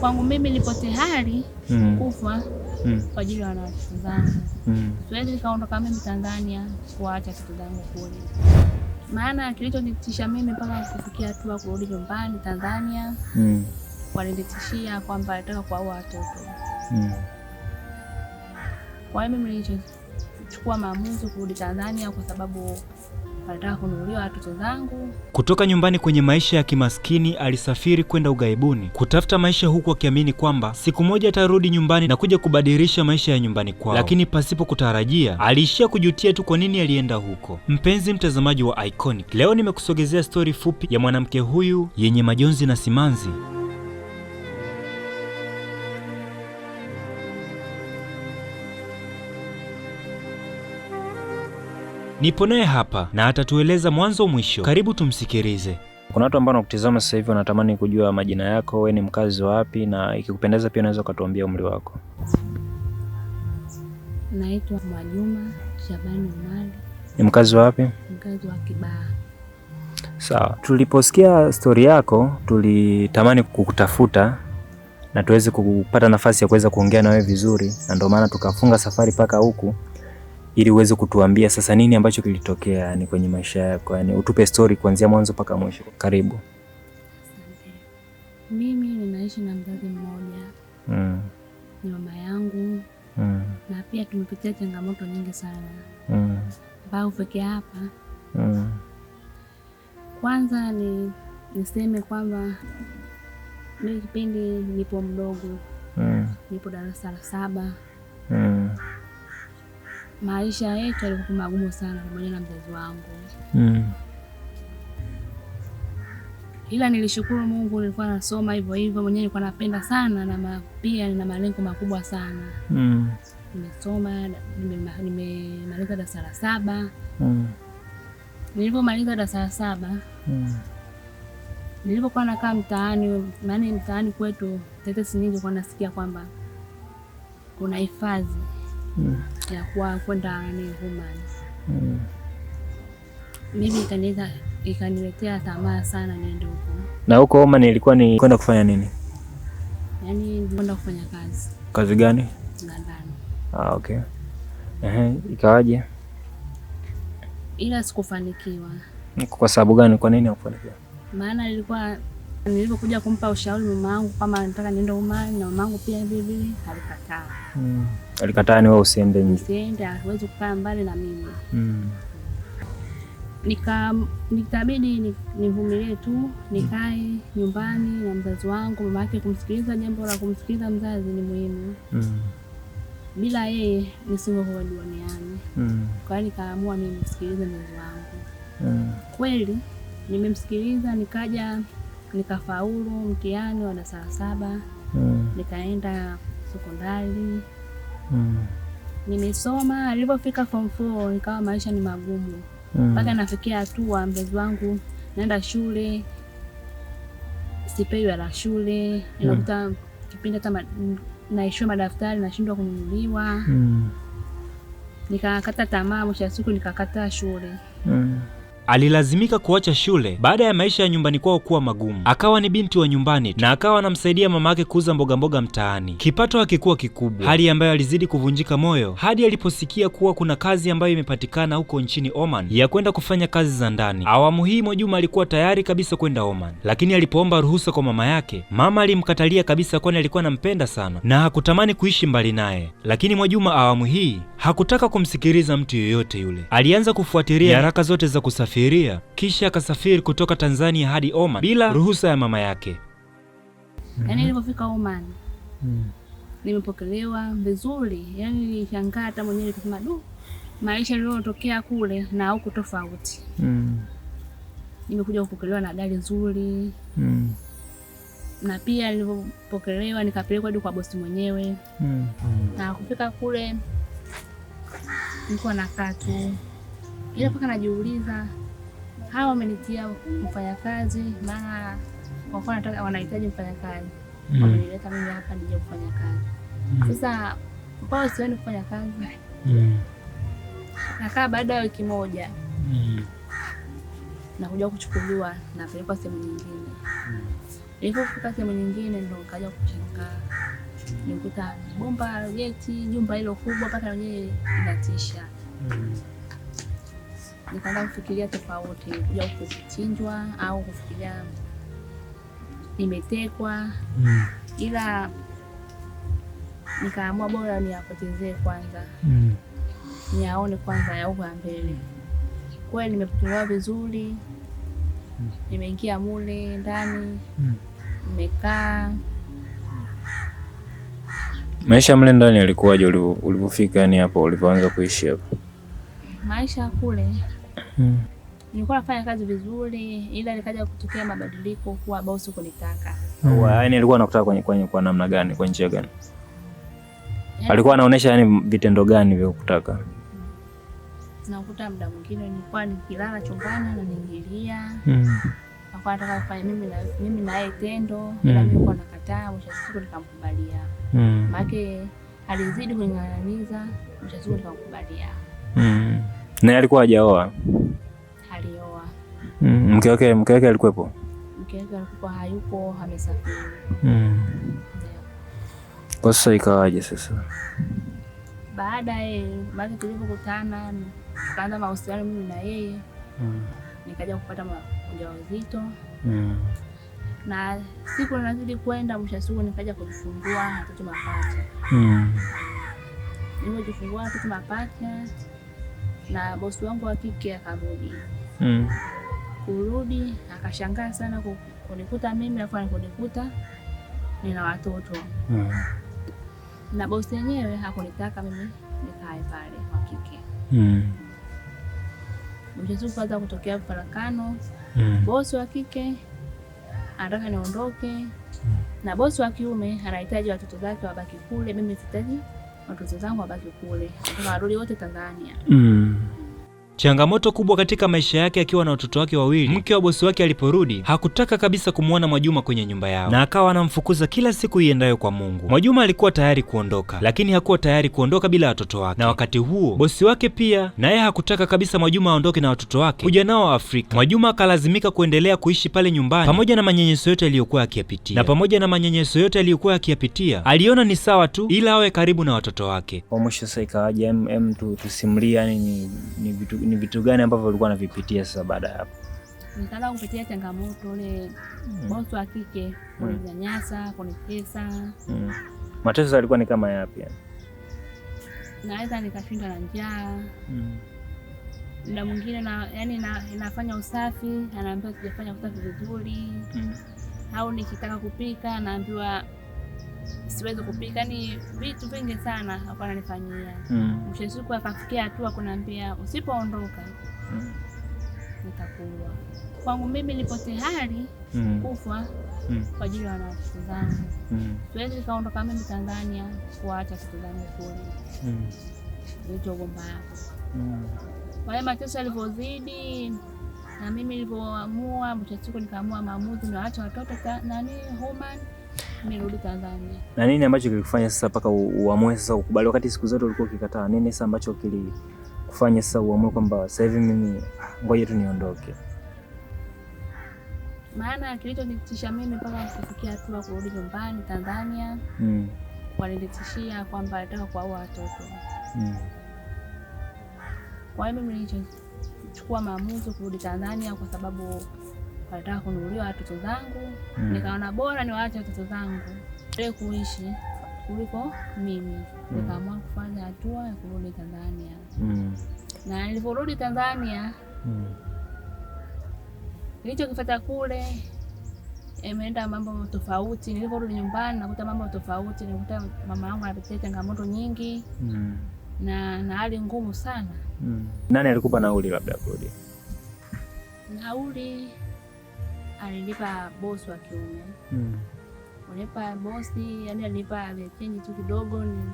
kwangu mimi nipo tayari mm. kufa mm. kwa ajili ya wanawatoto zangu mm. siwezi nikaondoka mimi Tanzania kuacha kitu zangu kule, maana kilichonitisha mimi mpaka kufikia hatua kurudi nyumbani Tanzania mm. walinitishia kwamba nataka kuwaua watoto mm. kwa hiyo mimi nilichukua maamuzi kurudi Tanzania kwa sababu alitaka kununuliwa watoto zangu. Kutoka nyumbani kwenye maisha ya kimaskini, alisafiri kwenda ughaibuni kutafuta maisha, huku akiamini kwamba siku moja atarudi nyumbani na kuja kubadilisha maisha ya nyumbani kwao, lakini pasipo kutarajia aliishia kujutia tu kwa nini alienda huko. Mpenzi mtazamaji wa Iconic, leo nimekusogezea stori fupi ya mwanamke huyu yenye majonzi na simanzi. Nipo naye hapa na atatueleza mwanzo mwisho. Karibu tumsikilize. Kuna watu ambao wanakutizama sasa hivi wanatamani kujua majina yako, wewe ni mkazi wapi, na ikikupendeza pia unaweza ukatuambia umri wako. Naitwa Mwajuma Shabani Umali. Ni mkazi wapi? Mkazi wa Kibaha. Sawa, tuliposikia stori yako tulitamani kukutafuta na tuweze kupata nafasi ya kuweza kuongea na wewe vizuri, na ndio maana tukafunga safari mpaka huku ili uweze kutuambia sasa nini ambacho kilitokea yani kwenye maisha yako, yani utupe stori kuanzia mwanzo mpaka mwisho. Karibu. Mimi ninaishi na mzazi mmoja mm. ni mama yangu mm. na pia tumepitia changamoto nyingi sana mm. mpaka hapa mm. Kwanza ni niseme kwamba mimi kipindi nipo mdogo mm. nipo darasa la saba mm maisha yetu yalikuwa magumu sana pamoja na mzazi wangu mm. Ila nilishukuru Mungu, nilikuwa nasoma hivyo hivyo mwenyewe, nilikuwa napenda sana na pia nina malengo makubwa sana mm. Nimesoma, nimemaliza darasa la saba mm. Nilivyomaliza darasa la saba mm. nilivyokuwa nakaa mtaani, maana mtaani kwetu tetesi nyingi, kuwa nasikia kwamba kuna hifadhi mm. ya kwenda nani humans mm. mimi ikanileta ikaniletea tamaa sana niende huko. Na huko Oman ilikuwa ni kwenda kufanya nini? Yaani kwenda kufanya kazi. Kazi gani? Ndani. Ah, okay. Ehe, ikawaje? Ila sikufanikiwa. Kwa sababu gani? Kwa nini hakufanikiwa? Maana ilikuwa Nilipokuja kumpa ushauri mama yangu kama nataka niende Oman na mama yangu pia vile vile alikataa. Mm. Alikataa ni wewe usiende nje. Usiende, hawezi kukaa mbali na mimi. Mm. Nika nitabidi nivumilie tu, nikae nyumbani na mzazi wangu. Mama yake kumsikiliza, jambo la kumsikiliza mzazi ni muhimu. Mm. Bila yeye nisingekuwa duniani. Mm. Kwa hiyo nikaamua mimi msikilize mzazi wangu. Mm. Kweli nimemsikiliza nikaja nikafaulu mtihani wa darasa saba mm. nikaenda sekondari mm. nimesoma. Alipofika form four nikawa maisha ni magumu mm. mpaka mm. nafikia hatua mzazi wangu naenda shule sipewi la shule nakuta mm. kipindi hata naishiwa madaftari nashindwa kununuliwa mm. nikakata tamaa. Mwisho wa siku nikakata shule mm alilazimika kuacha shule baada ya maisha ya nyumbani kwao kuwa magumu. Akawa ni binti wa nyumbani tu na akawa anamsaidia mama yake kuuza mbogamboga mtaani. Kipato hakikuwa kikubwa, hali ambayo alizidi kuvunjika moyo hadi aliposikia kuwa kuna kazi ambayo imepatikana huko nchini Oman ya kwenda kufanya kazi za ndani. Awamu hii Mwajuma alikuwa tayari kabisa kwenda Oman, lakini alipoomba ruhusa kwa mama yake, mama alimkatalia kabisa, kwani alikuwa anampenda sana na hakutamani kuishi mbali naye. Lakini Mwajuma awamu hii hakutaka kumsikiliza mtu yoyote yule, alianza kufuatilia nyaraka zote za kusafiri kusafiria, kisha akasafiri kutoka Tanzania hadi Oman bila ruhusa ya mama yake. Yaani nilipofika Oman mm. nimepokelewa vizuri, yaani nilishangaa hata mwenyewe nikasema du, maisha yaliyotokea kule na huku tofauti mm. nimekuja kupokelewa na gari nzuri mm. na pia nilipopokelewa nikapelekwa hadi kwa bosi mwenyewe mm. na kufika kule niko nakaa tu, ila mpaka najiuliza hawa wamenitia mfanyakazi, maana wakuwa nataka wanahitaji mfanyakazi mm. wamenileta mimi hapa nije kufanya kazi mm. Sasa mpaka siwani kufanya kazi mm. nakaa baada ya wiki moja mm. nakuja kuchukuliwa napelekwa sehemu nyingine mm. Nilipofika sehemu nyingine ndo nikaja kushangaa, nikuta bomba la geti jumba hilo kubwa mpaka wenyewe inatisha mm nikaanza kufikiria tofauti, kuja kuchinjwa au kufikiria nimetekwa mm. ila nikaamua bora niyapotezee kwanza mm. niyaone kwanza ya uka mbele. Kweli nimepokelewa vizuri mm. nimeingia mule ndani mm. nimekaa. Maisha mle ndani yalikuwaje ulivyofika, yani hapo ulivyoanza kuishi hapo maisha kule hmm. Nilikuwa nafanya kazi vizuri, ila nikaja kutokea mabadiliko kuwa bosi kunitaka. Mm. Yaani alikuwa anakutaka kwenye kwenye kwa namna gani, kwa njia gani? Yaani alikuwa anaonesha yani vitendo gani vya kukutaka? Nakuta muda mwingine nilikuwa nikilala chumbani na ningilia. Mm. Akawa anataka kufanya mimi na mimi na yeye tendo, mm. ila mimi nilikuwa nakataa, mwisho siku nikamkubalia. Mm. Maana alizidi kuning'ang'aniza, mwisho siku nikamkubalia. Mm. Naye alikuwa hajaoa? Alioa. Mm, mke wake mke wake alikuwepo? Mke wake alikuwa hayupo, amesafiri. Mm. Kwa sasa ikawaje sasa? Baada eh, baada tulipokutana kaanza mahusiano mimi na yeye. Mm. Nikaja kupata ujauzito. Mm. Na siku nazidi kwenda, mwisho siku nikaja kujifungua watoto mapacha. Mm. Nimejifungua watoto mapacha na bosi wangu wa kike akarudi mm. kurudi akashangaa sana kunikuta mimi alikuwa nikunikuta nina watoto mm. na bosi yenyewe hakunitaka mimi nikae pale wa kike mm. mchezu kwanza kutokea farakano. mm. bosi wa kike anataka niondoke mm. na bosi wa kiume anahitaji watoto zake wabaki kule, mimi sitaji watoto zangu wabaki kule, watoto wadogo wote Tanzania mm. Changamoto kubwa katika maisha yake akiwa na watoto wake wawili, mke wa bosi wake aliporudi hakutaka kabisa kumwona Mwajuma kwenye nyumba yao na akawa anamfukuza kila siku iendayo kwa Mungu. Mwajuma alikuwa tayari kuondoka, lakini hakuwa tayari kuondoka bila watoto wake, na wakati huo bosi wake pia naye hakutaka kabisa Mwajuma aondoke na watoto wake kuja nao Afrika. Mwajuma akalazimika kuendelea kuishi pale nyumbani pamoja na manyenyeso yote aliyokuwa akiyapitia, na pamoja na manyenyeso yote aliyokuwa akiyapitia aliona ni sawa tu, ila awe karibu na watoto wake. Kwa mwisho sasa ikawaje, em tusimulie, yani ni vitu ni vitu gani ambavyo ulikuwa unavipitia sasa baada ya hapo? Nikaanza kupitia changamoto ile hmm. bosi wa kike kuninyanyasa, hmm. kunitesa. Hmm. Mateso yalikuwa ni kama yapi? Naweza nikashinda na njaa Na mwingine na, yani na, nafanya usafi anaambiwa sijafanya usafi vizuri mm. au nikitaka kupika naambiwa siwezi kupika, ni yaani vitu vingi sana alikuwa ananifanyia. Hmm. Mwisho siku akafikia hatua kuniambia usipoondoka mm. Kwangu mimi nipo tayari mm. kufa mm. kwa ajili ya wanafunzi zangu mm. siwezi kaondoka mimi Tanzania kuacha siku zangu kule mm. hicho gomba yako mm. kwa hiyo mateso yalivyozidi na mimi nilivyoamua, mwisho nikaamua maamuzi niwaacha watoto nani Oman Nimerudi Tanzania. Na nini ambacho kilikufanya sasa mpaka uamue sasa ukubali, wakati siku zote ulikuwa ukikataa? Nini sasa ambacho kilikufanya sasa uamue kwamba sasa hivi mimi ah, ngoja tu niondoke? Maana kilichonitisha mimi mpaka kufikia hatua kurudi nyumbani Tanzania, mm. walinitishia kwamba nataka kuwaua watoto mm. kwa hiyo mimi nilichukua maamuzi kurudi Tanzania kwa sababu Nataka kununuliwa watoto zangu mm. Nikaona bora niwaache watoto zangu e kuishi kuliko mimi mm. Nikaamua kufanya hatua ya kurudi Tanzania mm. Na niliporudi Tanzania mm. Nilichokifata kule imeenda mambo tofauti. Niliporudi nyumbani nakuta mambo tofauti, nikuta mama yangu anapitia changamoto nyingi mm. na na hali ngumu sana mm. Nani alikupa nauli labda kurudi? Nauli alinipa bosi wa kiume mm. Unipa bosi yani, alinipa chenji tu kidogo ni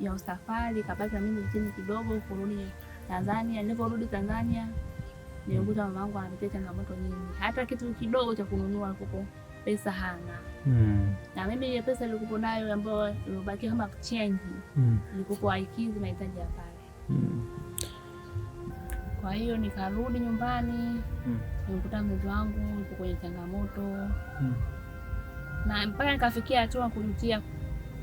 ya usafari, kabaki na mimi chenji kidogo kurudi Tanzania. Niliporudi Tanzania nikuta hmm. mama wangu anapitia changamoto nyingi, hata kitu kidogo cha kununua kuko pesa hana mm. na mimi ile pesa nilikuwa nayo ambayo ilibaki kama chenji mm. nilikuwa aikizi mahitaji ya pale mm. Kwa hiyo nikarudi nyumbani mm. Nikuta wangu yuko kwenye changamoto mm. na mpaka nikafikia hatua kujutia.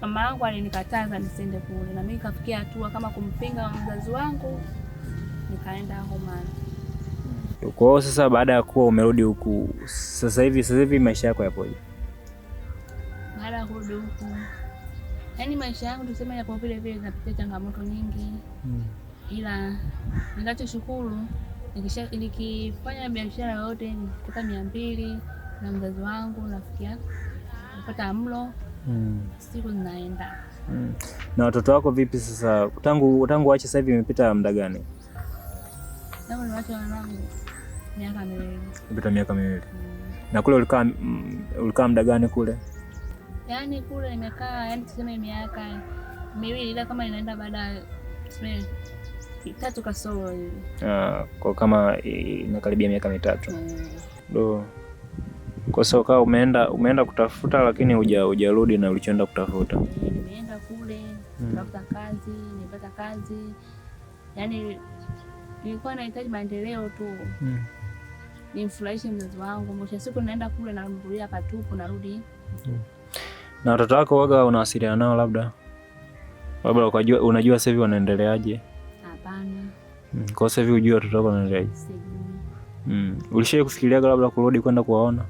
Mama yangu alinikataza nisiende kule, na mimi nikafikia hatua kama kumpinga mzazi wangu, nikaenda Oman. Kwa hiyo sasa, baada ya kuwa umerudi huku sasa hivi, sasa hivi maisha yako yapoje? Baada ya kurudi huku, yaani maisha yangu tuseme yapo vile vile, napitia changamoto nyingi mm ila shukuru nikifanya biashara yote nikipata mia mbili na mzazi wangu nafikia kupata mlo mm. siku zinaenda mm. na watoto wako vipi sasa, tangu tangu waache sasa hivi imepita muda gani? tangu niwache wanangu miaka miwili imepita miaka miwili na kule ulikaa mm, ulikaa muda gani kule? Yaani kule nimekaa yani tuseme miaka miwili, ila kama inaenda baada ya tatu kasoro hivi ah, kwa kama inakaribia miaka mitatu mm. do kwa sababu kama umeenda umeenda kutafuta lakini hujarudi na ulichoenda kutafuta. Nimeenda kule mm. kutafuta kazi, nimepata kazi, yaani nilikuwa nahitaji maendeleo tu mm. nimfurahishe mzazi wangu. Mwisho siku naenda kule na nambulia patupu, narudi mm. na watoto wako waga unawasiliana nao, labda labda unajua sasa hivi wanaendeleaje? Hapana. Mm, kwa sasa hivi watoto wako Mm. labda kurudi kwenda kuwaona?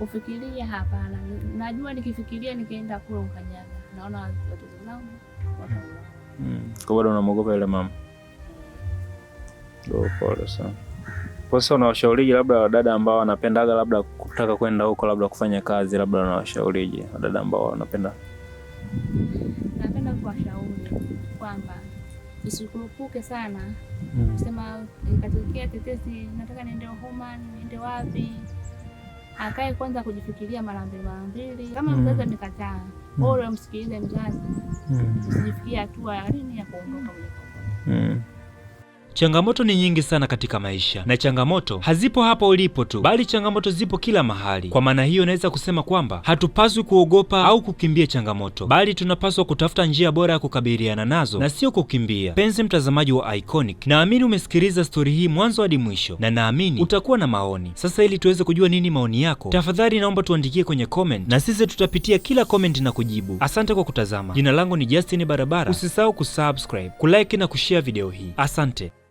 Ufikiria? Hapana. Najua nikifikiria nikienda kule ukanyaga. Naona watoto mm, Kwa bado unamwogopa yule mama? Oh, pole sana. Kwa sasa unawashauriji labda wadada ambao wanapendaga labda kutaka kwenda huko labda kufanya kazi, labda unawashauriji wadada ambao wanapenda? Napenda kuwashauri kwamba isikurupuke sana mm. Kusema ikatokea tetesi, nataka niende homa niende wapi, akae kwanza kujifikiria mara mbili mara mbili. Kama mm. mzazi amekataa, bora mm. msikilize mzazi, mm. usijifikia hatua nini ya kuondoka. Changamoto ni nyingi sana katika maisha, na changamoto hazipo hapo ulipo tu, bali changamoto zipo kila mahali. Kwa maana hiyo, naweza kusema kwamba hatupaswi kuogopa au kukimbia changamoto, bali tunapaswa kutafuta njia bora ya kukabiliana nazo na sio kukimbia. Penzi mtazamaji wa Iconic, naamini umesikiliza stori hii mwanzo hadi mwisho, na naamini utakuwa na maoni. Sasa ili tuweze kujua nini maoni yako, tafadhali naomba tuandikie kwenye comment, na sisi tutapitia kila comment na kujibu. Asante kwa kutazama. Jina langu ni Justin Barabara. Usisahau kusubscribe, kulike na kushare video hii. Asante.